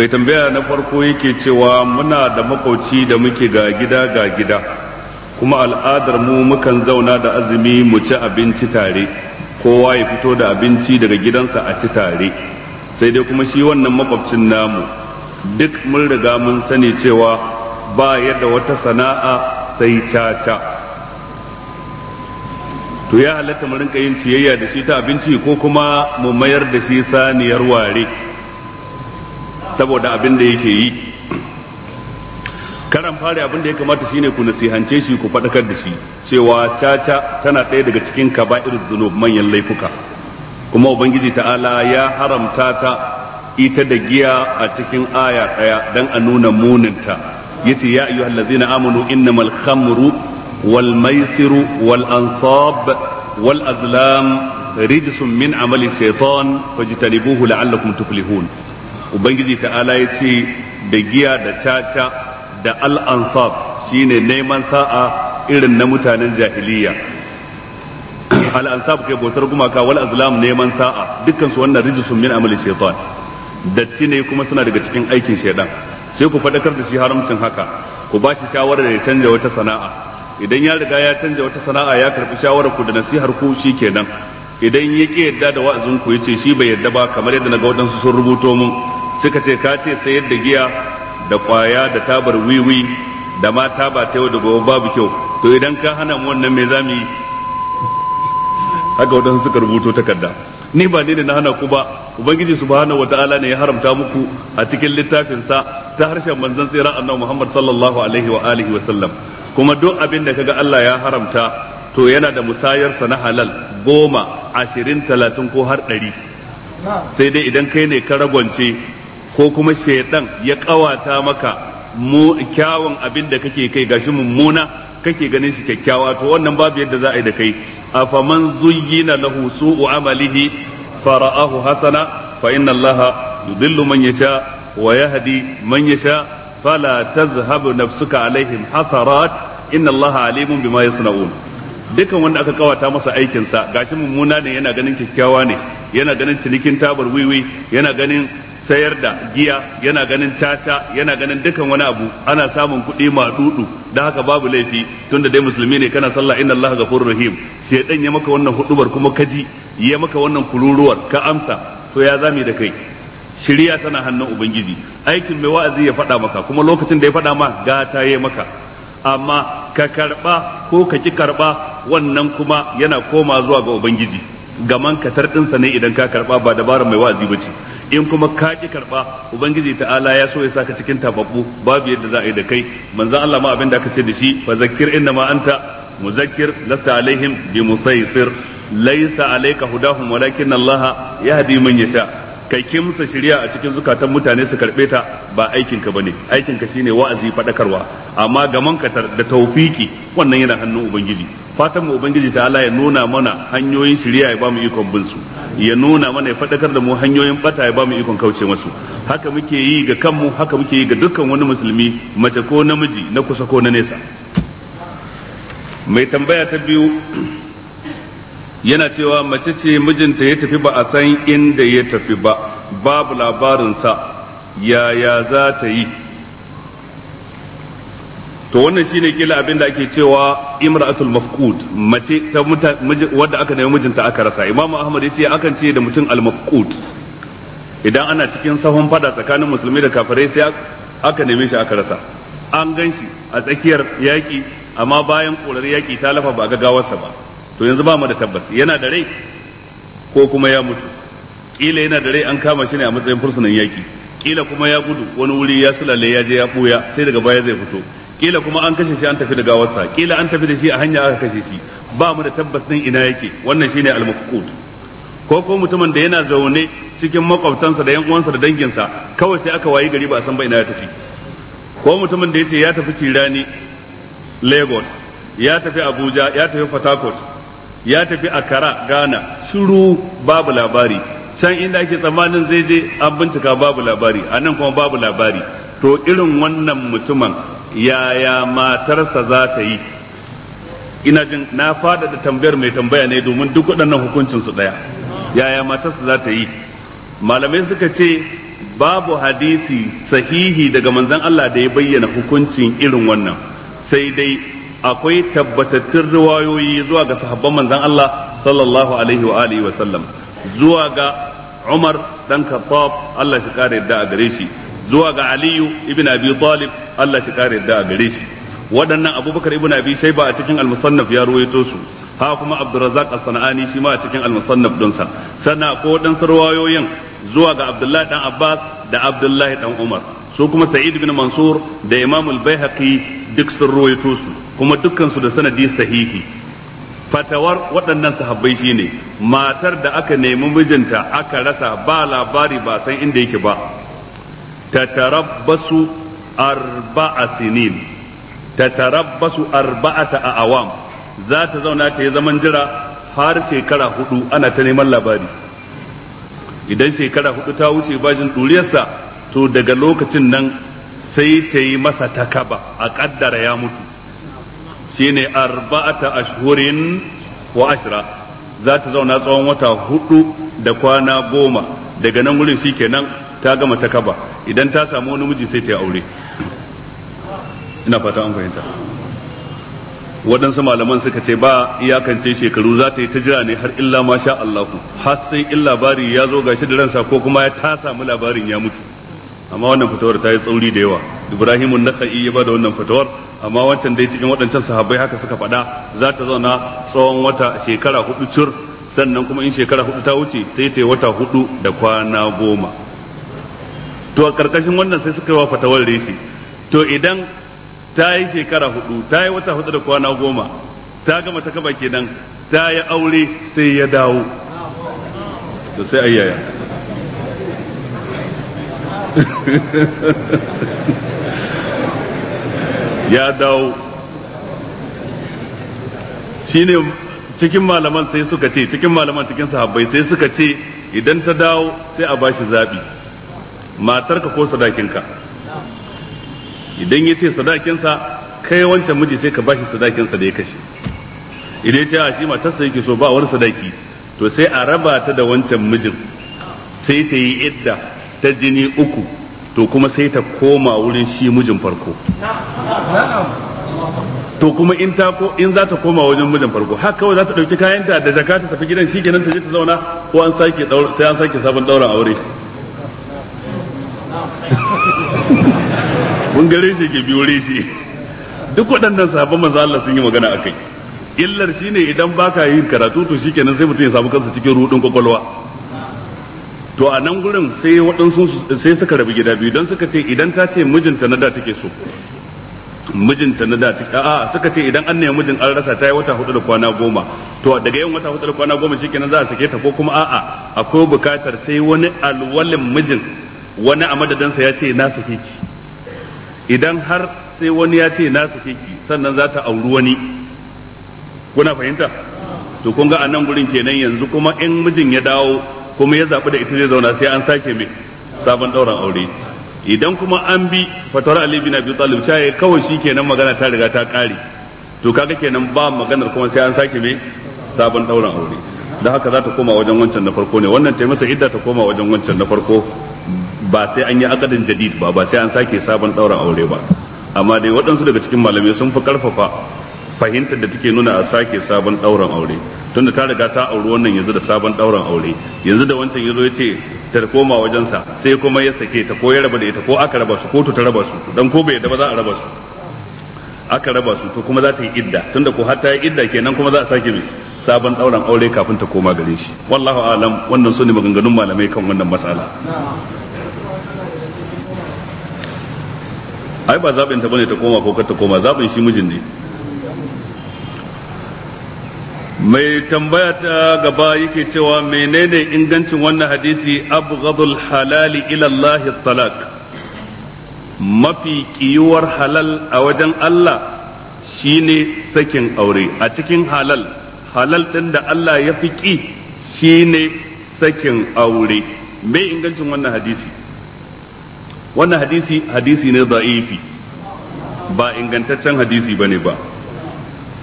mai tambaya na farko yake cewa muna da makoci da muke ga gida ga gida kuma al'adar mu mukan zauna da azumi mu ci abinci tare kowa ya fito da abinci daga gidansa a ci tare sai dai kuma shi wannan makwabcin namu duk mun riga mun sani cewa ba yadda wata sana'a sai caca to ya halatta mu rinka yin ciyayya da shi ta abinci ko kuma mu mayar da shi saniyar ware saboda abin da yake yi karan fari abin da ya kamata shine ku nasihance shi ku faɗakar da shi cewa caca tana ɗaya daga cikin kaba'ir zunub manyan laifuka kuma ubangiji ta'ala ya haramta ta ita da giya a cikin aya ɗaya don a nuna muninta yace ya ayyuhal ladzina amanu innamal khamru wal maisiru wal ansab wal azlam rijsun min amali shaitan fajtanibuhu la'allakum tuflihun ubangiji ta'ala ya ce da giya da caca da al'ansab shine neman sa'a irin na mutanen jahiliya al'ansab kai bautar gumaka wal azlam neman sa'a dukkan su wannan rijisun min amali shaitan datti ne kuma suna daga cikin aikin shaitan sai ku faɗakar da shi haramcin haka ku ba shi shawarar ya canja wata sana'a idan ya riga ya canja wata sana'a ya karɓi shawarar ku da nasihar ku kenan idan ya ƙi yadda da wa'azin ku ya ce shi bai yadda ba kamar yadda na ga waɗansu sun rubuto mun suka ce ka ce sayar da giya da kwaya da tabar wiwi da ma taba ta da gobe babu kyau to idan ka hana mu wannan me zamu yi haka wadansu suka rubuto takarda ni ba ni da na hana ku ba ubangiji subhanahu wataala ne ya haramta muku a cikin littafin sa ta harshen manzon tsira annabi Muhammad sallallahu alaihi wa alihi wa sallam kuma duk abin da kaga Allah ya haramta to yana da musayar sa na halal goma ashirin talatin ko har ɗari sai dai idan kai ne ka ragwance ko kuma shaidan ya kawata maka mu kyawun abin da kake kai gashi mummuna kake ganin shi kyakkyawa to wannan babu yadda za a yi da kai A afaman zuyyina lahu su'u amalihi fara'ahu hasana fa inna allaha yudillu man yasha wa yahdi man yasha fala tazhabu nafsuka alaihim hasarat inna allaha alimun bima yasnaun dukan wanda aka kawata masa aikinsa gashi mummuna ne yana ganin kyakkyawa ne yana ganin cinikin tabar wiwi yana ganin sayar da giya yana ganin caca yana ganin dukan wani abu ana samun kuɗi matudu da haka babu laifi tunda dai musulmi ne kana sallah inna allaha ghafurur rahim shedan ya maka wannan hudubar kuma kaji ya maka wannan kururuwar ka amsa to ya zame da kai shiriya tana hannun ubangiji aikin mai wa'azi ya faɗa maka kuma lokacin da ya faɗa ma ga ta yi maka amma ka karɓa ko ka ki karɓa wannan kuma yana koma zuwa ga ubangiji gaman katar ɗinsa ne idan ka karɓa ba dabarar mai wa'azi ba ce in kuma ka ki karba ubangiji ta'ala ya so ya saka cikin tababbu babu yadda za a yi da kai manzan Allah ma abin da aka ce da shi fa zakkir inna ma anta muzakkir lasta alaihim bi musaytir laysa alayka hudahum walakin Allah yahdi man yasha kai kimsa shari'a a cikin zukatan mutane su karbe ta ba aikin ka bane aikin ka shine wa'azi fadakarwa amma ga mankatar da taufiki wannan yana hannun ubangiji fatan mu ubangiji ta Allah ya nuna mana hanyoyin shari'a ya bamu ikon bin su ya nuna mana ya fadakar da mu hanyoyin bata ya bamu ikon kauce masu haka muke yi ga kanmu haka muke yi ga dukkan wani musulmi mace ko namiji na kusa ko na nesa mai tambaya ta biyu yana cewa mace ce mijinta ya tafi ba a san inda ya tafi ba babu sa yaya za ta yi to wannan shine kila abin da ake cewa imra'atul mafqud mace ta wadda aka nemi mijinta aka rasa imamu ahmad yace akan ce da mutum al mafqud idan ana cikin sahun fada tsakanin musulmi da kafirai sai aka neme shi aka rasa an gan a tsakiyar yaki amma bayan korar yaki ta lafa ba ga gawarsa ba to yanzu ba mu da tabbas yana da rai ko kuma ya mutu kila yana da rai an kama shi ne a matsayin fursunan yaki kila kuma ya gudu wani wuri ya sulale ya je ya buya sai daga baya zai fito kila kuma an kashe shi an tafi da gawarsa kila an tafi da shi a hanya aka kashe shi ba mu da tabbas din ina yake wannan shine al-maqut ko ko mutumin da yana zaune cikin makwabtansa da yan uwansa da danginsa kawai sai aka wayi gari ba a san ba ina ya tafi ko mutumin da yace ya tafi Cirani Lagos ya tafi Abuja ya tafi Port ya tafi Accra Ghana shiru babu labari can inda ake tsammanin zai je an bincika babu labari a nan kuma babu labari to irin wannan mutumin yaya matarsa za ta yi ina jin na faɗaɗa tambayar mai tambaya ne domin duk waɗannan hukuncin su ɗaya yaya matarsa za ta yi malamai suka ce babu hadisi sahihi daga manzan Allah da ya bayyana hukuncin irin wannan sai dai akwai tabbatattun riwayoyi zuwa ga sahabban manzan Allah sallallahu alaihi wa alihi wa sallam zuwa ga Umar dan Khattab Allah shi kare yadda a gare shi zuwa ga aliyu ibn abi talib Allah shi kare da gare shi waɗannan abubakar ibn abi shayba a cikin al-musannaf ya ruwaito su ha kuma abdurrazzaq as-sanani shi ma a cikin al-musannaf don sa sannan ko dan sarwayoyin zuwa ga abdullahi dan abbas da abdullahi dan umar su kuma sa'id ibn mansur da imam al-baihaqi duk sun ruwaito su kuma dukansu da sanadi sahihi fatawar waɗannan sahabbai shine matar da aka nemi mijinta aka rasa ba labari ba san inda yake ba tatarabbasu arba'a sinin tatarabbasu arba'ata a awam za ta zauna ta yi zaman jira har shekara hudu ana ta neman labari idan shekara hudu ta wuce bajin duriyarsa to daga lokacin nan sai ta yi masa takaba a kaddara ya mutu shine arba'ata ashhurin wa ashra za ta zauna tsawon wata hudu da kwana goma daga nan wurin shi shikenan ta gama takaba idan ta samu wani miji sai ta yi aure ina fata an fahimta waɗansu malaman suka ce ba iyakance shekaru za ta yi ta jira ne har illa ma sha Allahu har sai in labari ya zo gashi da ransa ko kuma ya ta samu labarin ya mutu amma wannan fatawar ta yi tsauri da yawa Ibrahim nakai nakhai ya da wannan fatawar amma wancan dai cikin waɗancan sahabbai haka suka faɗa za ta zauna tsawon wata shekara hudu cur sannan kuma in shekara hudu ta wuce sai ta yi wata hudu da kwana goma to a karkashin wannan sai suka yi wa fatawar reshe to idan ta yi shekara hudu ta yi wata hudu da kwana goma ta gama ta kaba kenan ta yi aure sai ya dawo to sai ayyaya ya dawo shine cikin malaman sai suka ce cikin malaman cikin sahabbai sai suka ce idan ta dawo sai a bashi zaɓi matarka ko sadakinka idan ya ce sadakinsa kai wancan miji sai ka bashi sadakinsa da ya kashe idan ya ce a shi matarsa yake so ba wani sadaki to sai a raba ta da wancan mijin sai ta yi idda ta jini uku to kuma sai ta koma wurin shi mijin farko to kuma in ta ko in za ta koma wajen mijin farko haka kawai za ta dauki kayanta da zakata tafi gidan shi kenan ta je ta zauna ko an sake sai an sake sabon daura aure mun gare shi ke biyo reshe duk waɗannan sahabban manzo Allah sun yi magana akai illar shine idan baka yin karatu to shikenan sai mutum ya samu kansa cikin rudin kwakwalwa to a nan gurin sai waɗansu sai suka rabu gida biyu don suka ce idan ta ce mijinta na da take so mijinta na da a suka ce idan an nemi mijin an rasa ta yi wata hudu da kwana goma to daga yin wata hudu da kwana goma shikenan za a sake ta ko kuma a'a akwai bukatar sai wani alwalin mijin wani a madadansa ya ce na sake ki idan har sai wani ya ce na sake sannan za ta auri wani kuna fahimta to kun ga a nan gurin kenan yanzu kuma in mijin ya dawo kuma ya zaɓi da ita zai zauna sai an sake mai sabon ɗauran aure idan kuma an bi fatawar ali bin abi talib ya kawai shi kenan magana ta riga ta ƙare to kaga kenan ba maganar kuma sai an sake mai sabon ɗauran aure da haka za ta koma wajen wancan na farko ne wannan ta masa idda ta koma wajen wancan na farko ba sai an yi akadin jadid ba ba sai an sake sabon ɗaurin aure ba amma dai waɗansu daga cikin malamai sun fi karfafa fahimtar da take nuna a sake sabon ɗaurin aure tunda ta riga ta auri wannan yanzu da sabon ɗaurin aure yanzu da wancan yazo ya ce ta koma wajensa sai kuma ya sake ta ko ya raba da ita ko aka raba su ko ta raba su dan ko bai yadda ba za a raba su aka raba su to kuma za ta yi idda tunda ko har ta yi idda kenan kuma za a sake mai sabon ɗaurin aure kafin ta koma gare shi wallahu alam wannan su maganganun malamai kan wannan matsala ai ba zaɓin ta bane ta koma ko ta koma zaɓin shi mijin ne mai tambaya ta gaba yake cewa menene ingancin wannan hadisi gadul halali ilallahi talak mafi kiyuwar halal a wajen Allah shine sakin aure a cikin halal halal ɗin da Allah ya fi ki shine sakin aure mai ingancin wannan hadisi wannan hadisi hadisi ne da'ifi ba ingantaccen hadisi bane ba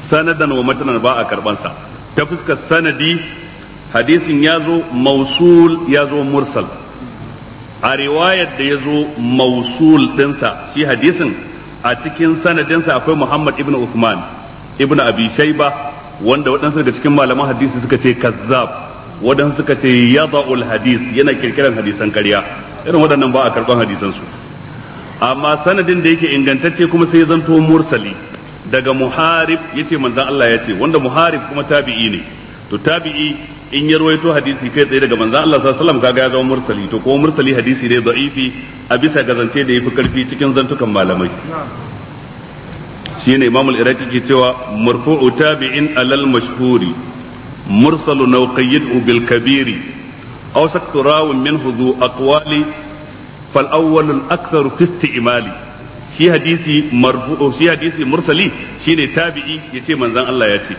sanadan wa matanan ba a karbansa ta fuskar sanadi hadisin ya zo mausul ya zo mursal a riwayar da ya zo mausul ɗinsa shi hadisin a cikin sanadinsa akwai muhammad ibn Uthman ibn abi shaiba wanda waɗansu daga cikin malaman hadisi suka ce kazzab waɗansu suka ce yada'ul hadis yana kirkiran hadisan karya irin waɗannan ba a karɓan hadisansu su amma sanadin da yake ingantacce kuma sai zanto mursali daga muharib yace manzan Allah yace wanda muharib kuma tabi'i ne to tabi'i in ya rawaito hadisi kai tsaye daga manzan Allah sallallahu alaihi kaga ya zama mursali to ko mursali hadisi ne da'ifi a bisa ga zance da yafi karfi cikin zantukan malamai shine imamul iraqi ke cewa marfu'u tabi'in alal mashhuri mursalu nauqayyid bil kabiri أوسكت راو منه ذو أقوال فالأول الأكثر في استئمالي shi hadisi marfu shi hadisi mursali shine tabi'i yace من Allah ya ce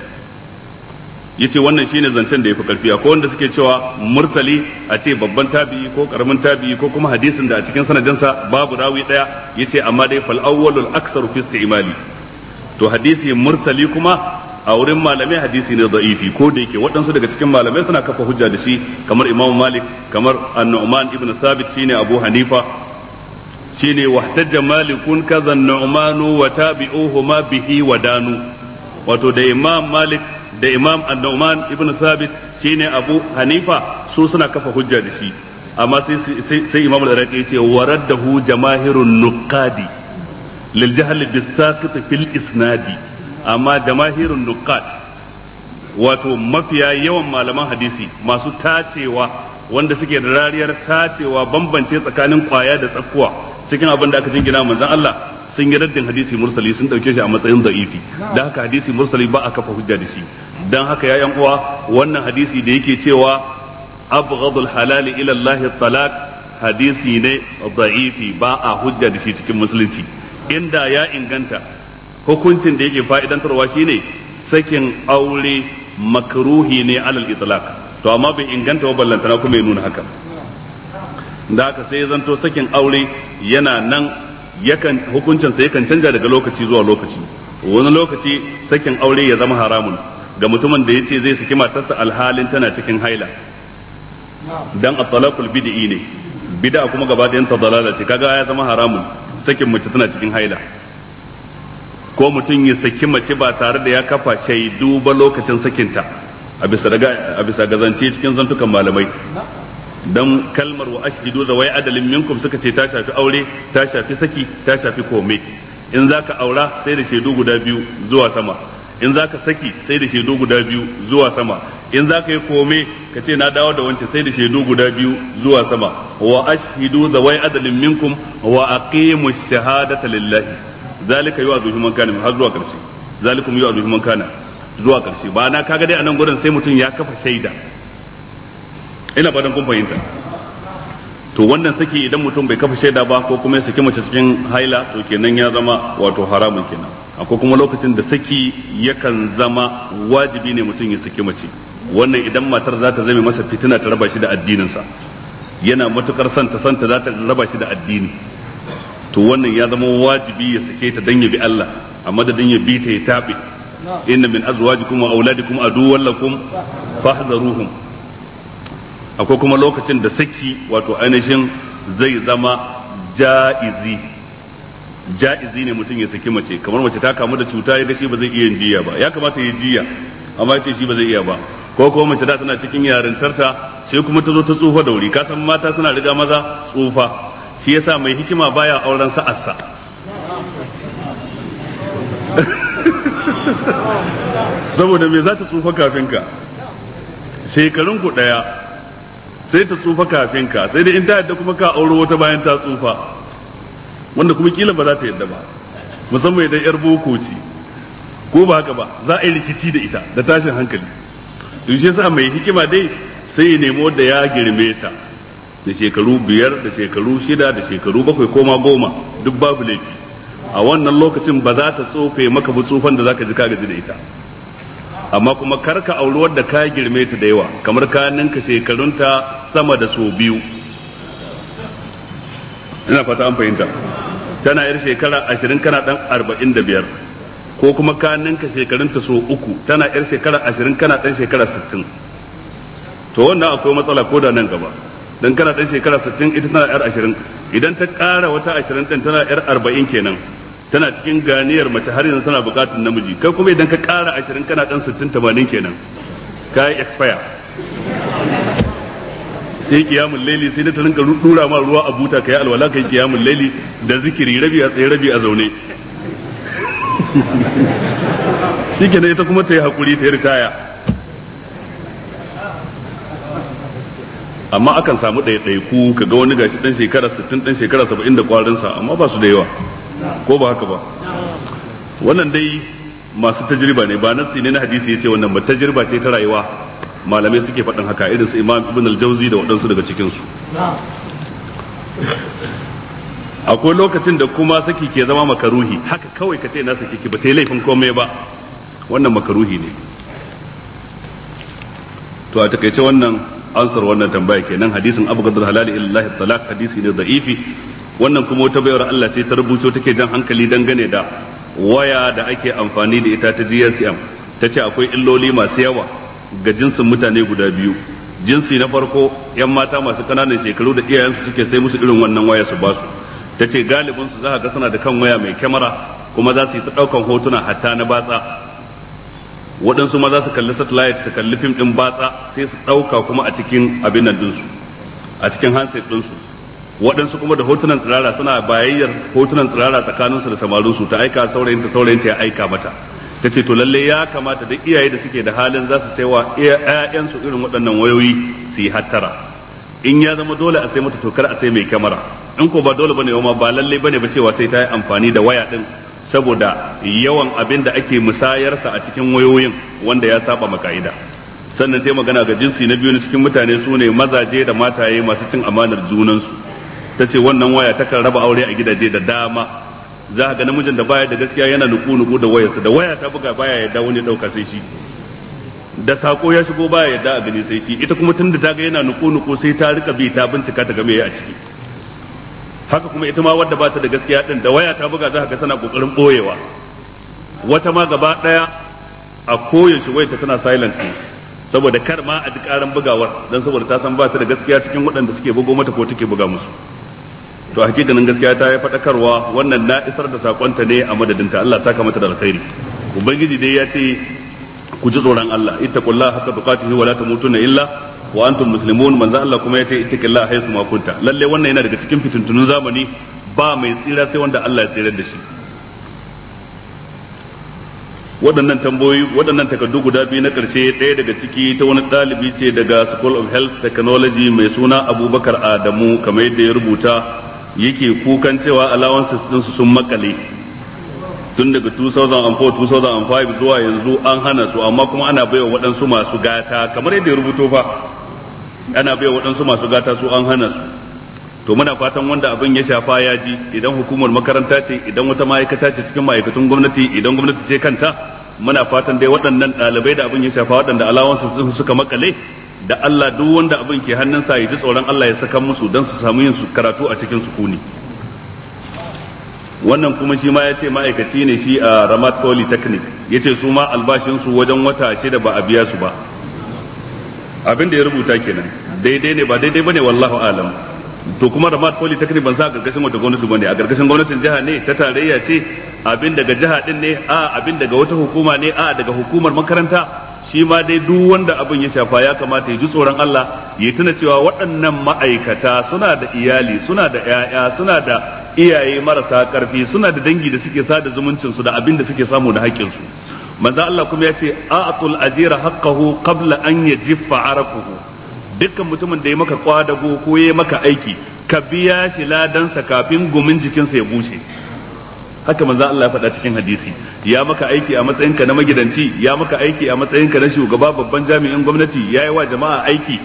yace wannan shine zancen da yafi karfi akwai wanda suke cewa mursali a ce babban tabi'i ko karamin tabi'i ko kuma hadisin da a cikin sa babu rawi daya yace amma dai fal awwalul aktsaru fi istimali to hadisi mursali kuma a wurin malamai hadisi ne da'ifi ko da yake waɗansu daga cikin malamai suna kafa hujja da shi kamar Imam Malik kamar An-Nu'man ibn Thabit shine Abu Hanifa shine wahtajja Malikun kaza An-Nu'manu wa tabi'uhuma bihi wa danu wato da Imam Malik da Imam An-Nu'man ibn Thabit shine Abu Hanifa su suna kafa hujja da shi amma sai sai Imam al raqi ya ce waraddahu jamaahirun nuqadi lil jahl bis fil isnadi amma jamahirun nukat wato mafiya yawan malaman hadisi masu tacewa wanda suke da rariyar tacewa bambance tsakanin kwaya da tsakuwa cikin abin da aka jingina manzon Allah sun yi raddin hadisi mursali sun dauke shi a matsayin da'ifi dan haka hadisi mursali ba a kafa hujja da shi dan haka ya yan uwa wannan hadisi da yake cewa abghadul halali ila Allah hadisi ne da'ifi ba a hujja da shi cikin musulunci inda ya inganta hukuncin da yake fa'idantarwa shi ne sakin aure makaruhi ne alal itilak to amma bai inganta wa ballantana kuma ya nuna haka da haka sai zanto sakin aure yana nan yakan hukuncin yakan canja daga lokaci zuwa lokaci wani lokaci sakin aure ya zama haramun ga mutumin da ya ce zai saki matarsa alhalin tana cikin haila dan at-talaqul bid'i ne bid'a kuma gaba da yanta dalala ce kaga ya zama haramun sakin mace tana cikin haila ko mutum ya saki mace ba tare da ya kafa shaidu ba lokacin sakinta a bisa gazance cikin zantukan malamai don kalmar wa ashhidu da wai adalin minkum suka ce ta shafi aure ta shafi saki ta shafi kome in zaka aura sai da shaidu guda biyu zuwa sama in zaka saki sai da shaidu guda biyu zuwa sama in zaka yi kome ka ce na dawo da wancan sai da shaidu guda biyu zuwa sama wa ashhidu da wai adalin minkum wa aqimu shahadata lillahi zalika wa man kana har zuwa karshe zalikum wa man kana zuwa karshe ba na kaga dai anan gurin sai mutum ya kafa shaida ina fatan kun fahimta to wannan saki idan mutum bai kafa shaida ba ko kuma ya saki mace cikin haila to kenan ya zama wato haramun kenan akwai kuma lokacin da saki yakan zama wajibi ne mutum ya saki mace wannan idan matar za ta zame masa fitina ta raba shi da addininsa yana matukar santa santa za ta raba shi da addini to wannan ya zama wajibi ya sake ta dan ya bi Allah amma da ya bi ta ya tabe inna min azwajikum wa auladikum adu wallakum fahdharuhum akwai kuma lokacin da saki wato ainihin zai zama ja'izi ja'izi ne mutum ya saki mace kamar mace ta kamu da cuta ya gashi shi ba zai iya jiya ba ya kamata ya jiya amma ya ce shi ba zai iya ba ko kuma mace da tana cikin yarintarta sai kuma ta zo ta tsufa da wuri kasan mata suna riga maza tsufa shi yasa mai hikima baya auren sa'arsa saboda me za ta tsufa kafin ka shekarun ku daya sai ta tsufa kafin ka sai da in ta yadda kuma ka auro wata bayan ta tsufa wanda kuma kila ba za ta yadda ba musamman idan yar boko ce ko ba haka ba za a yi rikici da ita da tashin hankali to shi yasa mai hikima dai sai ya nemo da ya girme ta da shekaru biyar da shekaru shida da shekaru bakwai koma goma duk babu laifi a wannan lokacin ba za ta tsofe maka bu tsufan da zaka ji ka gaji da ita amma kuma karka auri wadda ka girme ta da yawa kamar ka ninka shekarunta sama da so biyu ina fata an fahimta tana yar shekara ashirin kana dan arba'in da biyar ko kuma ka ninka shekarunta so uku tana yar shekara ashirin kana dan shekara sittin to wannan akwai matsala ko da nan gaba dan kana dan shekara 60 ita tana yar 20 idan ta ƙara wata 20 din tana yar 40 kenan tana cikin ganiyar mace har yanzu tana buƙatar namiji kai kuma idan ka ƙara 20 kana dan 60 80 kenan kai expire sai kiyamul laili sai da ta rinka dura ma ruwa a buta kai alwala kai kiyamul laili da zikiri rabi a tsaye rabi a zaune shikenan ita kuma ta yi hakuri ta yi ritaya amma akan samu ɗaiɗaiku ka ga wani gashi ɗan shekara 60 ɗan shekara 70 da kwarinsa amma ba su da yawa ko ba haka ba wannan dai masu tajriba ne ba nasi ne na hadisi yace wannan ba tajriba ce ta rayuwa malamai suke faɗin haka irin su imam ibn al-jawzi da waɗansu daga cikin su akwai lokacin da kuma saki ke zama makaruhi haka kawai ka ce na saki ki ba ta laifin komai ba wannan makaruhi ne to a takaice wannan ansar wannan tambaya kenan hadisin abu gadar halali illahi talak hadisi ne da'ifi wannan kuma wata bayar Allah ce ta rubuto take jan hankali dangane da waya da ake amfani da ita ta GSM ta ce akwai illoli masu yawa ga jinsin mutane guda biyu jinsi na farko yan mata masu kananan shekaru da iyayensu suke sai musu irin wannan waya su basu ta ce galibinsu za ka ga suna da kan waya mai kyamara kuma za su yi ta ɗaukan hotuna hatta na batsa waɗansu ma za su kalli satellite su kalli fim ɗin batsa sai su ɗauka kuma a cikin abin nan ɗinsu a cikin handset ɗinsu waɗansu kuma da hotunan tsirara suna bayayyar hotunan tsirara tsakaninsu da samarinsu ta aika saurayin saurayin ta ya aika mata ta ce to lalle ya kamata da iyaye da suke da halin za su saiwa ‘ya'yansu irin waɗannan wayoyi su yi hattara in ya zama dole a sai mata tokar a sai mai kyamara in ko ba dole bane ma ba lalle bane ba cewa sai ta yi amfani da waya ɗin. saboda yawan abin da ake musayarsa a cikin wayoyin wanda ya saba maka'ida sannan ta magana ga jinsi na biyu cikin mutane su ne mazaje da mataye masu cin amanar junansu ta ce wannan waya ta kan raba aure a gidaje da dama za ga namijin da baya da gaskiya yana nuku nuku da wayarsa da waya ta buga baya yadda wani dauka sai shi da sako ya shigo baya yadda a gani sai shi ita kuma tunda ta ga yana nuku nuku sai ta rika bi ta bincika ta game a ciki haka kuma ita ma wadda ba ta da gaskiya din da waya ta buga za ka tana kokarin boyewa wata ma gaba daya a koyaushe ta tana silent ne saboda kar ma a ji bugawar dan saboda ta san ba ta da gaskiya cikin waɗanda suke bugo mata ko take buga musu to hakikanin gaskiya ta yi faɗakarwa wannan na isar da sakonta ne a madadinta Allah saka mata da alkhairi ubangiji dai ya ce ku ji tsoron Allah ittaqullaha haqqa tuqatihi wa la tamutunna illa wa antum muslimun manzo Allah kuma yace ittaqillaha haythu ma kunta lalle wannan yana daga cikin fitintunun zamani ba mai tsira sai wanda Allah ya tsirar da shi waɗannan tambayoyi waɗannan takardu guda biyu na ƙarshe ɗaya daga ciki ta wani ɗalibi ce daga School of Health Technology mai suna Abubakar Adamu kamar yadda ya rubuta yake kukan cewa allowances ɗinsu sun makale tun daga 2004 2005 zuwa yanzu an hana su amma kuma ana wa waɗansu masu gata kamar yadda ya rubuto fa ana bai waɗansu masu gata su an hana su to muna fatan wanda abin ya shafa ya ji idan hukumar makaranta ce idan wata ma'aikata ce cikin ma'aikatan gwamnati idan gwamnati ce kanta muna fatan dai waɗannan ɗalibai da abin ya shafa waɗanda alawansu suka makale da Allah duk wanda abin ke hannunsa ya ji tsoron Allah ya saka musu don su samu yin karatu a cikin sukuni wannan kuma shi ma ya ce ma'aikaci ne shi a Ramat Polytechnic ya ce su ma albashinsu wajen wata shida ba a biya su ba abin da ya rubuta kenan daidai ne ba daidai bane wallahu alam to kuma ramat polytechnic ban sa a karkashin wata gwamnati bane a gargashin gwamnatin jiha ne ta tarayya ce abin daga jiha din ne a abin daga wata hukuma ne a daga hukumar makaranta shi ma dai duk wanda abin ya shafa ya kamata ya ji tsoron Allah ya tuna cewa waɗannan ma'aikata suna da iyali suna da ƴaƴa, suna da iyaye marasa ƙarfi, suna da dangi da suke sada zumuncin su da abin da suke samu da haƙƙin su manzo Allah kuma ya ce a'atul ajira haqqahu qabla an yajiffa araquhu dukkan mutumin da ya maka kwadago ko ya maka aiki ka biya shi ladansa kafin gumin jikinsa ya bushe haka manzo Allah ya faɗa cikin hadisi ya maka aiki a matsayinka na magidanci ya maka aiki a matsayinka na shugaba babban jami'in gwamnati ya yi wa jama'a aiki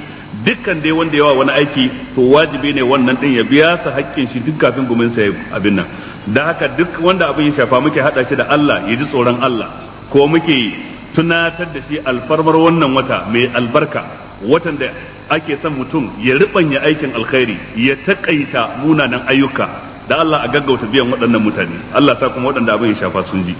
dukkan dai wanda yawa wani aiki to wajibi ne wannan din ya biya sa haƙƙin shi duk kafin gumin sa ya abin nan da haka duk wanda abin ya shafa muke hada shi da Allah ya ji tsoron Allah ko muke tunatar da shi alfarmar wannan wata mai albarka watan da ake son mutum ya riɓanya aikin alkhairi ya taƙaita munanan ayyuka da Allah a gaggauta biyan waɗannan mutane Allah sa kuma waɗanda abin ya shafa sun ji